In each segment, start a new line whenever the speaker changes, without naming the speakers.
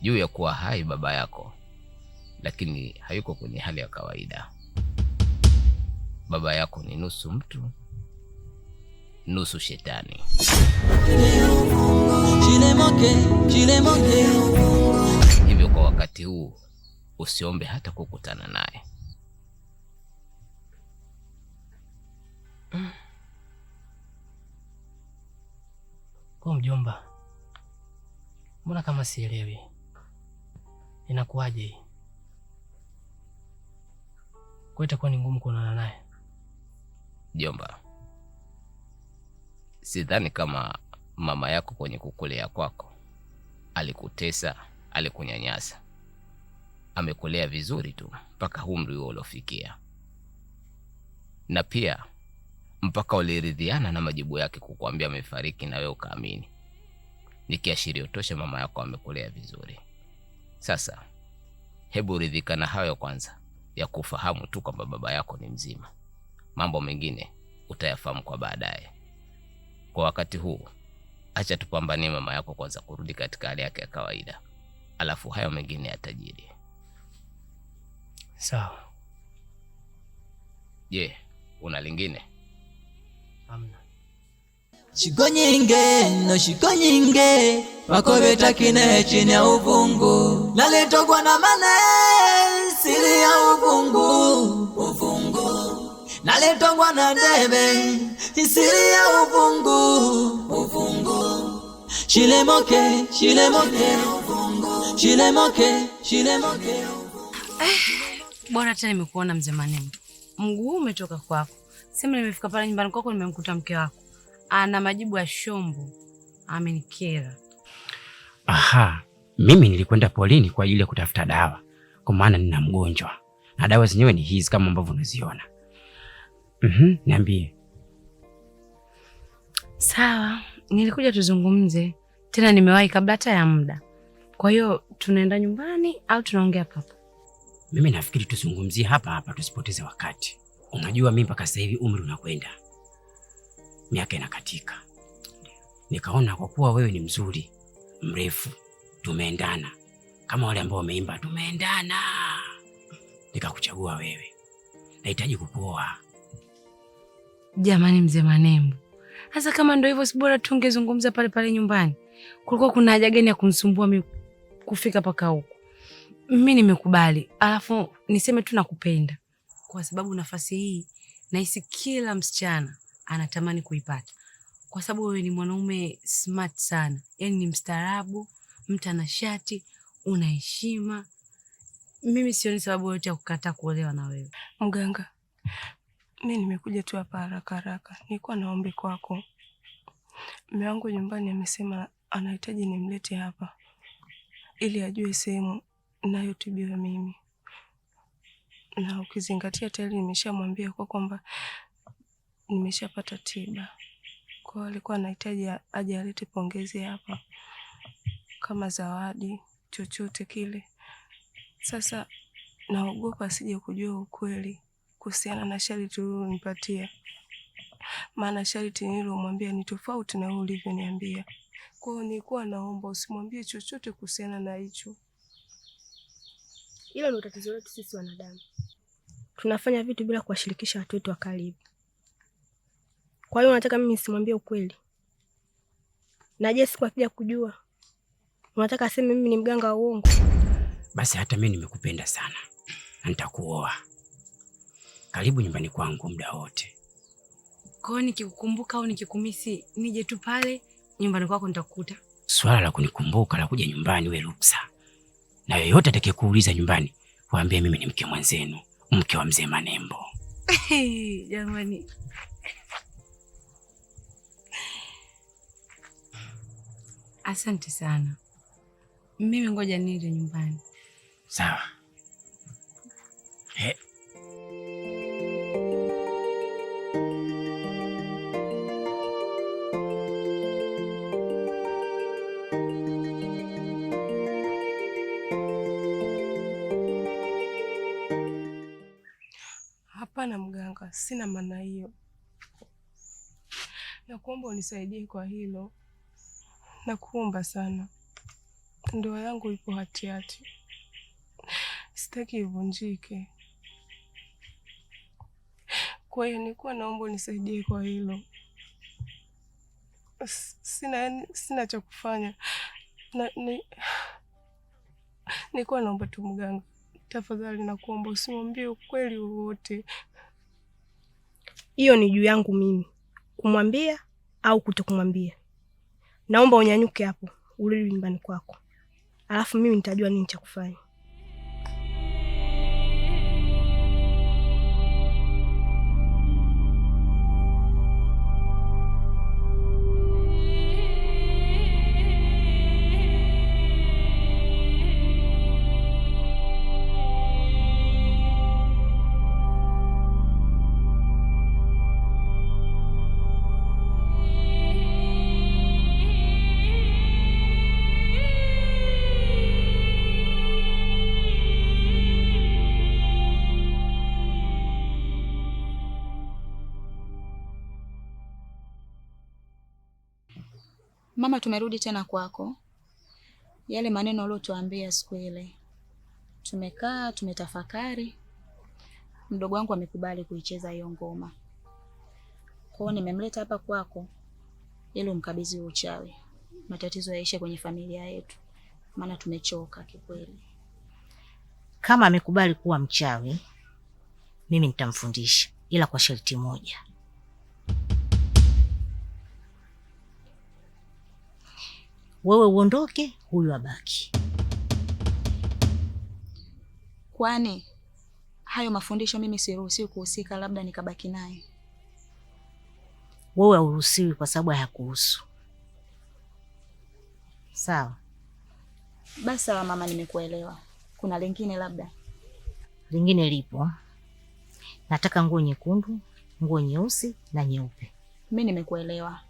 juu ya kuwa hai baba yako, lakini hayuko kwenye hali ya kawaida. Baba yako ni nusu mtu nusu shetani. Hivyo kwa wakati huu usiombe hata kukutana naye.
Kwa mjomba, mbona kama sielewi? inakuwaje hii? Kwa itakuwa ni ngumu kuonana naye.
Jomba, sidhani kama mama yako kwenye kukulea kwako alikutesa, alikunyanyasa. Amekulea vizuri tu mpaka umri huo uliofikia, na pia mpaka uliridhiana na majibu yake kukuambia amefariki, na wewe ukaamini. Ni kiashirio tosha mama yako amekulea vizuri. Sasa hebu ridhika na hayo kwanza, ya kufahamu tu kwamba baba yako ni mzima. Mambo mengine utayafahamu kwa baadaye. Kwa wakati huu, acha tupambanie mama yako kwanza kurudi katika hali yake ya kawaida, alafu hayo mengine yatajiri. Sawa. Je, una lingine?
Amna. Shiko nyinge no shiko nyinge wakobeta kine chini ya uvungu nalitogwa na mane siri ya uvungu uvungu
nalitogwa na debe siri ya uvungu uvungu shilemoke shilemoke uvungu shilemoke shilemoke eh, bwana tena nimekuona mzee Manemo, mguu umetoka kwako. Sema nimefika pale nyumbani kwako nimemkuta mke wako ana majibu ya shombo amenikera.
Aha, mimi nilikwenda polini kwa ajili ya kutafuta dawa, kwa maana nina mgonjwa na dawa zenyewe ni hizi kama ambavyo unaziona. Mm-hmm, niambie.
Sawa, nilikuja tuzungumze tena, nimewahi kabla hata ya muda. Kwa hiyo tunaenda nyumbani au tunaongea papa?
Mimi nafikiri tuzungumzie hapa hapa, tusipoteze wakati. Unajua mimi mpaka sasa hivi umri unakwenda miaka inakatika. Nikaona kwa kuwa wewe ni mzuri, mrefu, tumeendana kama wale ambao wameimba tumeendana, nikakuchagua wewe. Nahitaji kukuoa.
Jamani mzee Manembo, hasa kama ndio hivyo, si bora tungezungumza pale pale nyumbani? Kulikuwa kuna haja gani ya kumsumbua mimi kufika paka huku? Mimi nimekubali, alafu niseme tu nakupenda, kwa sababu nafasi hii nahisi kila msichana anatamani kuipata, kwa sababu wewe ni mwanaume smart sana, yani ni mstaarabu, mtu ana shati, una heshima. Mimi sioni sababu yote ya kukataa kuolewa na wewe.
Mganga, mi nimekuja tu hapa haraka haraka, nilikuwa na ombi kwako. Mme wangu nyumbani amesema anahitaji nimlete hapa ili ajue sehemu nayotibiwa mimi, na ukizingatia tayari nimeshamwambia kwa kwamba nimeshapata tiba. Kwa hiyo alikuwa anahitaji aje alete pongezi hapa kama zawadi, chochote kile. Sasa naogopa asije kujua ukweli kuhusiana na sharti ulilonipatia, maana sharti nililomwambia ni tofauti na wewe ulivyoniambia. Kwa hiyo nilikuwa naomba usimwambie chochote kuhusiana na hicho.
Hilo ndio tatizo letu sisi wanadamu, tunafanya vitu bila kuwashirikisha watu wetu wa karibu. Kwa hiyo unataka mimi nisimwambie ukweli? Na je, siku akija kujua unataka aseme mimi ni mganga wa uongo?
Basi hata mimi nimekupenda sana na nitakuoa. Karibu nyumbani kwangu muda wote.
Kwa hiyo nikikukumbuka au nikikumisi, nije tu pale nyumbani kwako nitakukuta.
Swala la kunikumbuka la kuja nyumbani, we ruksa, na yoyote atakayekuuliza nyumbani, waambie mimi ni mke mwenzenu, mke wa mzee Manembo.
Jamani Asante sana. Mimi ngoja nile nyumbani.
Sawa.
Hapana mganga, sina maana hiyo. Nakuomba unisaidie kwa hilo. Nakuomba sana, ndoa yangu ipo hatihati, sitaki ivunjike. Kwa hiyo nilikuwa naomba unisaidie kwa hilo. Sina, yaani, sina cha kufanya na, ni, nilikuwa naomba tu mganga, tafadhali nakuomba usimwambie ukweli wowote.
Hiyo ni juu yangu mimi kumwambia au kutokumwambia naomba unyanyuke hapo urudi nyumbani kwako, alafu mimi nitajua nini cha kufanya. Mama, tumerudi tena kwako. Yale maneno aliyotuambia siku ile, tumekaa tumetafakari, mdogo wangu amekubali kuicheza hiyo ngoma. Kwao nimemleta hapa kwako ili umkabidhi uchawi, matatizo yaishe kwenye familia yetu, maana tumechoka kikweli. Kama amekubali kuwa mchawi, mimi nitamfundisha, ila kwa sharti moja wewe uondoke, huyu abaki. Kwani hayo mafundisho mimi siruhusiwi kuhusika, labda nikabaki naye? Wewe hauruhusiwi kwa sababu hayakuhusu. Sawa basi. Sawa mama, nimekuelewa. Kuna lingine labda? Lingine lipo, nataka nguo nyekundu, nguo nyeusi na nyeupe. Mi nimekuelewa.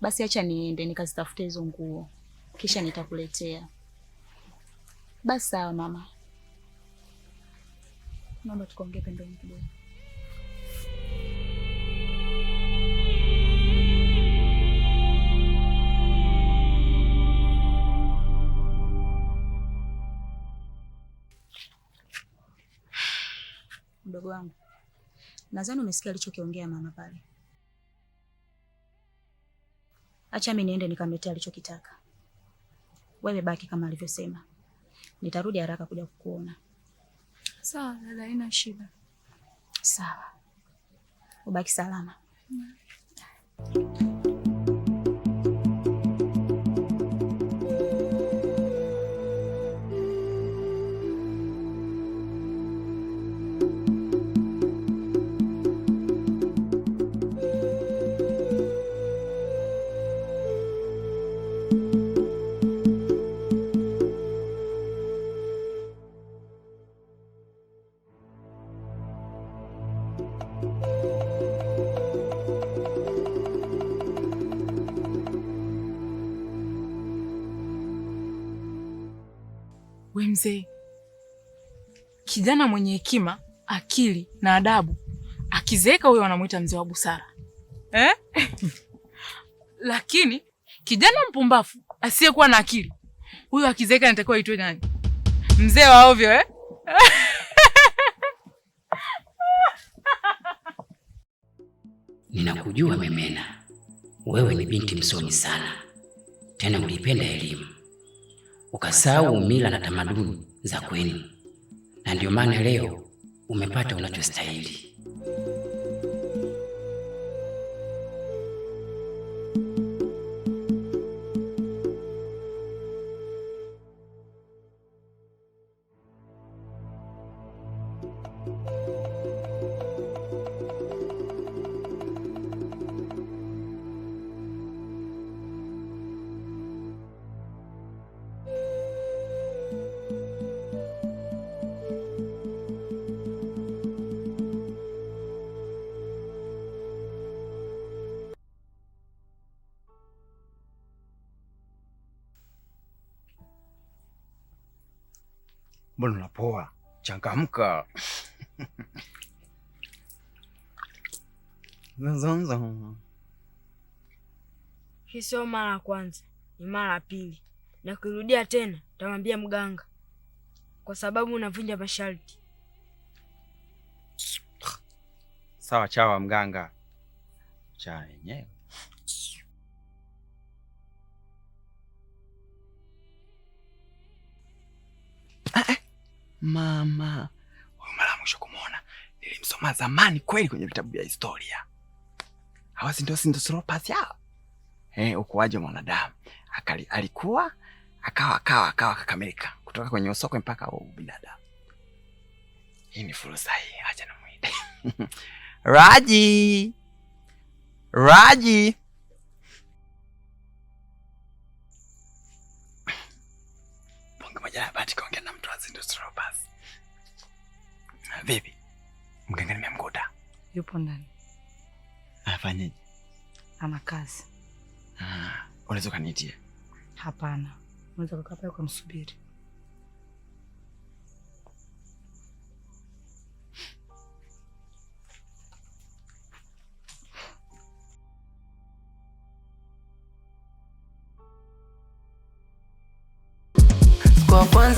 Basi acha niende nikazitafute hizo nguo kisha nitakuletea. Basi sawa mama, naomba tukaongee pembeni kidogo. Mdogo wangu, nadhani umesikia alichokiongea mama pale. Acha mimi niende nikamletea alichokitaka wewe baki kama alivyosema, nitarudi haraka kuja kukuona.
Sawa dada, haina shida.
Sawa, ubaki salama you mzee. Kijana mwenye hekima, akili na adabu akizeeka huyo wanamwita mzee wa busara eh? Lakini kijana mpumbafu asiyekuwa na akili huyo akizeeka anatakiwa aitwe nani? Mzee wa ovyo eh?
Ninakujua Memena, wewe ni binti msomi sana, tena ulipenda elimu ukasahau mila na tamaduni za kwenu, na ndiyo maana leo umepata unachostahili. Mbona unapoa? Changamka.
Hii sio mara ya kwanza, ni mara ya pili, na kurudia tena tamwambia mganga, kwa sababu unavunja masharti.
Sawa chawa mganga, chaa yenyewe Mama huyu mara mwisho kumwona nilimsoma zamani kweli kwenye vitabu vya historia. Hawa si sindo sropas ya eh, ukuaji mwanadamu akali, alikuwa akawa akawa akawa akakamilika kutoka kwenye usokwe mpaka ubinadamu. Hii ni fursa hii, acha namuite Raji. Raji, Raji si Vipi? Mganga nimemkuta. Yupo ndani. afanyeje
Ana kazi.
Ah, unaweza
Hapana. Unaweza kukaa pale msubiri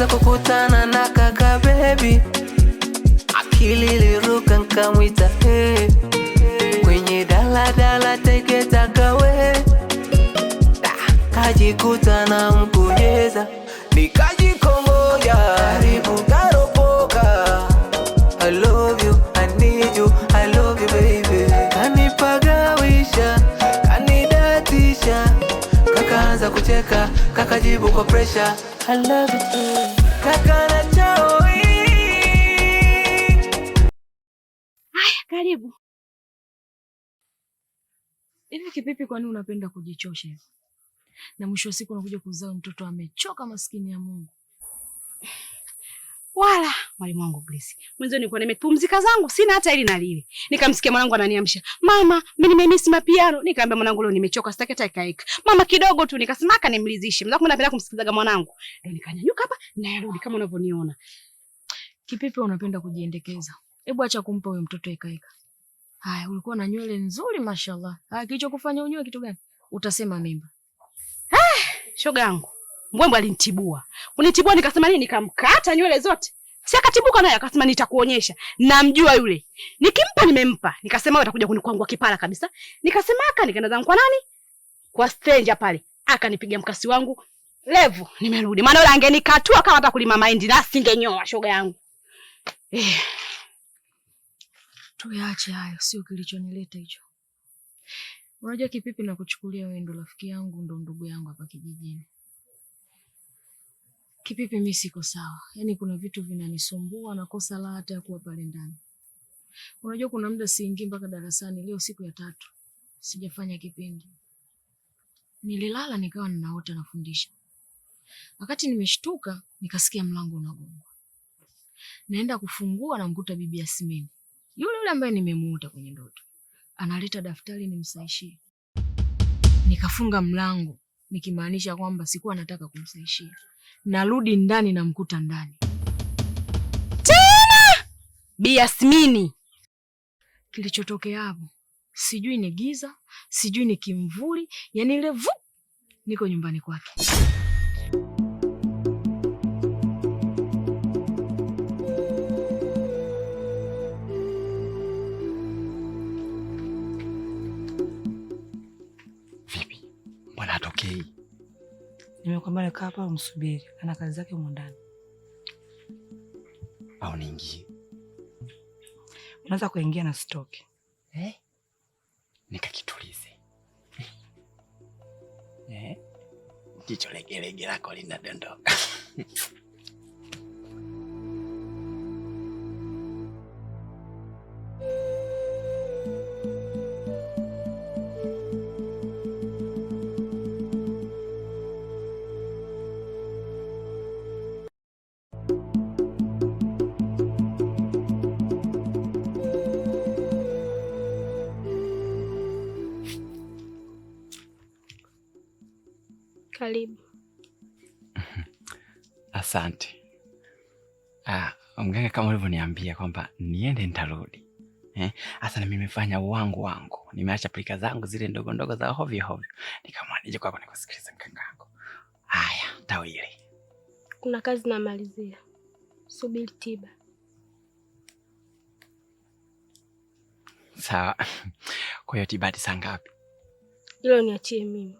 kukutana na kaka baby, akili liruka nkamwita hey. Kwenye daladala Tegeta kawe
nah, kajikuta na mkujeza nikajikongoja karibu karopoka I love you, I need you, I love you baby. Kanipagawisha, kanidatisha, kakaanza kucheka, kakajibu kwa pressure Haya, karibu. Hivi kipipi, kwani unapenda kujichosha hivi? Na mwisho wa siku unakuja kuzaa mtoto amechoka, maskini ya Mungu wala mwalimu wangu Grace. Mwanzo nilikuwa nimepumzika zangu, sina hata ili na lile. Nikamsikia mwanangu ananiamsha. Mama, mimi nimemiss mapiano. Nikamwambia mwanangu leo nimechoka, sitaki hata ikaika. Mama kidogo tu nikasema aka nimridhishe. Mzangu mimi napenda kumsikilizaga mwanangu. Ndio eh, nikanyanyuka hapa na yarudi kama unavyoniona. Kipipi unapenda kujiendekeza. Hebu acha kumpa huyo mtoto ikaika. Haya, ulikuwa na nywele nzuri mashallah. Haya, kilichokufanya unyoe kitu gani? Utasema mimba. Ah, shoga yangu. Mbwembwe alinitibua. Kunitibua nikasema nini, nikamkata nywele zote. Si akatibuka naye akasema nitakuonyesha. Namjua yule. Nikimpa nimempa. Nikasema wewe utakuja kunikwangua kipala kabisa. Nikasema aka nikaenda zangu kwa nani? Kwa stranger pale. Akanipiga mkasi wangu. Levu nimerudi. Maana yule angenikatua kama hata kulima mahindi na singenyoa shoga yangu. Eh. Tuyaache hayo, sio kilichonileta hicho. Unajua kipipi nakuchukulia wewe ndo rafiki yangu ndo ndugu yangu hapa kijijini. Kipipi, mimi siko sawa, yaani kuna vitu vinanisumbua, nakosa la hata ya kuwa pale ndani. Unajua, kuna muda siingii mpaka darasani. Leo siku ya tatu sijafanya kipindi, nililala nikawa ninaota nafundisha. Wakati nimeshtuka nikasikia mlango unagongwa, naenda kufungua, namkuta bibi Yasmini yule yule ambaye nimemuuta kwenye ndoto, analeta daftari nimsaishie. Nikafunga mlango nikimaanisha kwamba sikuwa nataka kumsaishia narudi ndani namkuta ndani tena. Bi Yasmini, kilichotokea hapo sijui ni giza, sijui ni kimvuli, yani ile vu, niko nyumbani kwake.
Vipi, mbona hatokei?
nimekwambia kaa hapa umsubiri, ana kazi zake humo ndani.
Au niingie?
Unaweza kuingia na stoki eh?
Nikakitulize
eh?
Jicho legelege lako linadondoka Karibu. Asante. Ah, mganga kama ulivyoniambia kwamba niende nitarudi. Eh, hasa na nimefanya wangu wangu. Nimeacha pilika zangu zile ndogo ndogo za hovyo hovyo. Nikamwona nije kwako nikusikilize mganga wangu. Haya, tawili.
Kuna kazi namalizia. Subiri tiba.
Sawa. Kwa hiyo tiba saa ngapi?
Hilo niachie mimi.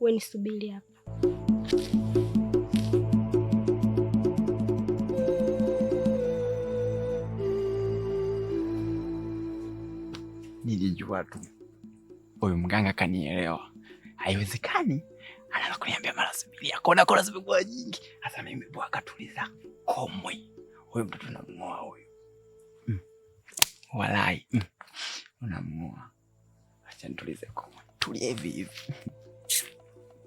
Wewe nisubiri hapa.
Nilijua tu huyu mganga kanielewa. Haiwezekani anaweza kuniambia mara subiria, kona kona zimekuwa nyingi. Hasa mimi bwa katuliza komwe, huyu mtoto namng'oa huyu. Mm. Walai, mm. Unamng'oa, acha nitulize komwe, tulie hivi hivi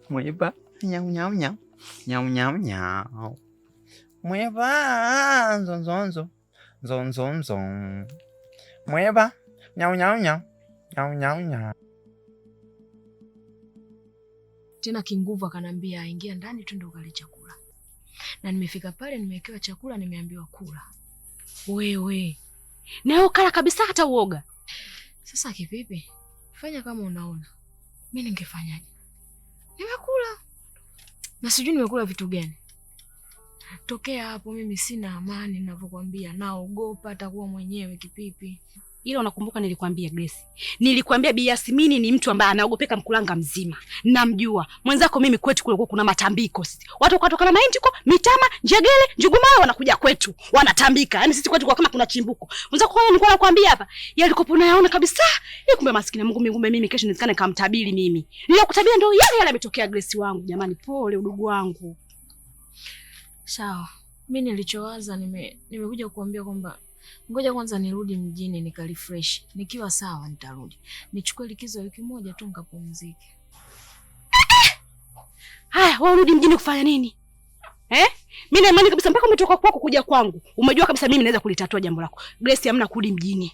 zon, nyaunyaunya nyaunyaunya mweba nzonzonzo nyau nyau nyau nyaunyaunya.
Tena kinguvu akanambia ingia ndani tu ndo kale chakula, na nimefika pale nimewekewa chakula, nimeambiwa kula. Wewe wewe ukala kabisa, hata uoga. Sasa kivipi? Fanya kama unaona, Mimi ningefanyaje? Nimekula na sijui nimekula vitu gani tokea hapo. Mimi sina amani, ninavyokwambia naogopa, atakuwa mwenyewe kipipi. Ila unakumbuka nilikwambia Grace, nilikwambia Bi Yasmini ni mtu ambaye anaogopeka mkulanga mzima. Namjua mwenzako mimi, kwetu kulikuwa kuna matambiko, sisi watu kutoka Mahindiko, Mitama, Njegele, Njugumaya wanakuja kwetu wanatambika, yani sisi kwetu kwa kama kuna chimbuko. Mwenzako kwa nilikuwa nakwambia hapa yalikopo na yaona kabisa, ni kumbe maskini Mungu mimi, kumbe mimi kesho nisikane kamtabiri mimi. kutabia ndio yale yale ametokea. Grace wangu, jamani, pole udugu wangu. Sawa, mimi nilichowaza nime nimekuja kukuambia kwamba Ngoja kwanza nirudi mjini nikarefresh, nikiwa sawa nitarudi nichukue likizo wiki moja tu nikapumzike. Haya, wewe urudi mjini kufanya nini eh? Mimi na imani kabisa mpaka umetoka kwako kuja kwangu umejua kabisa mimi naweza kulitatua jambo lako Grace. Hamna kurudi mjini,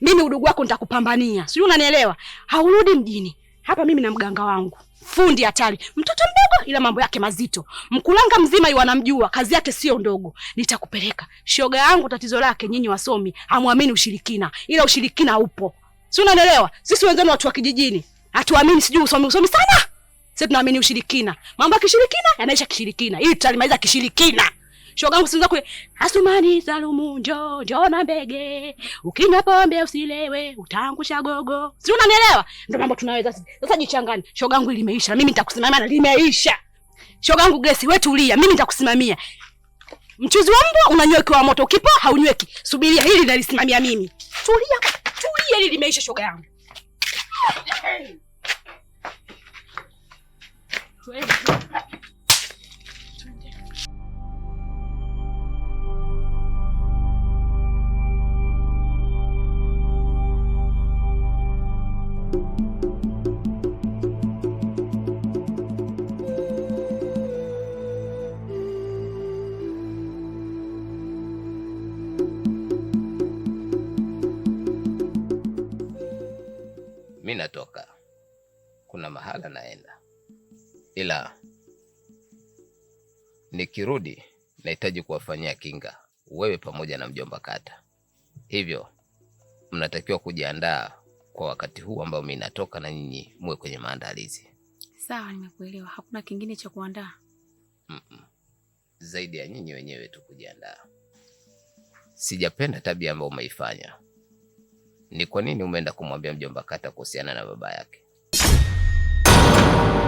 mimi udugu wako nitakupambania, sijui unanielewa. Haurudi mjini hapa, mimi na mganga wangu fundi hatari, mtoto mdogo ila mambo yake mazito. Mkulanga mzima wanamjua, kazi yake sio ndogo. Nitakupeleka shoga yangu. Tatizo lake nyinyi wasomi hamwamini ushirikina, ila ushirikina upo, si unaelewa? Sisi wenzenu watu wa kijijini hatuamini, sijui usomi, usomi sana. Sisi tunaamini ushirikina, mambo ya kishirikina yanaisha kishirikina, ili tutalimaliza kishirikina shogangu sinza kule Asumani Salumu, njo njo na mbege, ukinywa pombe usilewe, utangusha gogo. Si unanielewa? Ndio mambo tunaweza sisi. sasa. Jichangani shogangu, limeisha mimi nitakusimamia, na limeisha Shoga shogangu. Gesi wewe tulia, mimi nitakusimamia. Mchuzi wa mbwa unanywekiwa moto, ukipo haunyweki. Subiria hili nalisimamia mimi. Tulia, tulia, hili limeisha shoga yangu. Hey.
mi natoka, kuna mahala naenda, ila nikirudi nahitaji kuwafanyia kinga wewe pamoja na mjomba Kata, hivyo mnatakiwa kujiandaa kwa wakati huu ambao mi natoka, na nyinyi muwe kwenye maandalizi.
Sawa, nimekuelewa. Hakuna kingine cha kuandaa
mm -mm. zaidi ya nyinyi wenyewe tu kujiandaa. Sijapenda tabia ambayo umeifanya ni kwa nini umeenda kumwambia mjomba Kata kuhusiana na baba yake?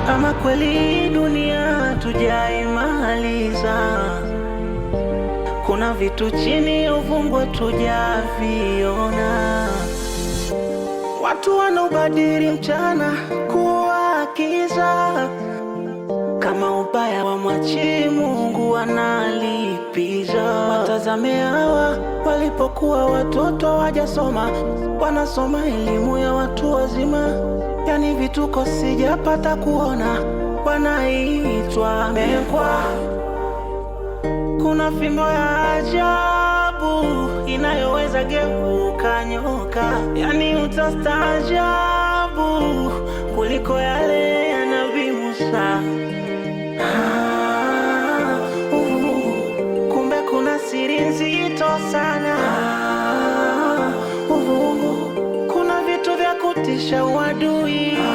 Ama kweli dunia tujaimaliza, kuna vitu chini ufungwa tujaviona. Watu wanaobadili mchana kuwa kiza kama ubaya wa mwachi Mungu analipiza. Watazame hawa walipokuwa watoto wajasoma, wanasoma elimu ya watu wazima, yani vituko sijapata kuona, wanaitwa mekwa. Kuna fimbo ya ajabu inayoweza geuka nyoka, yani utastaajabu kuliko yale ya kukomesha uadui.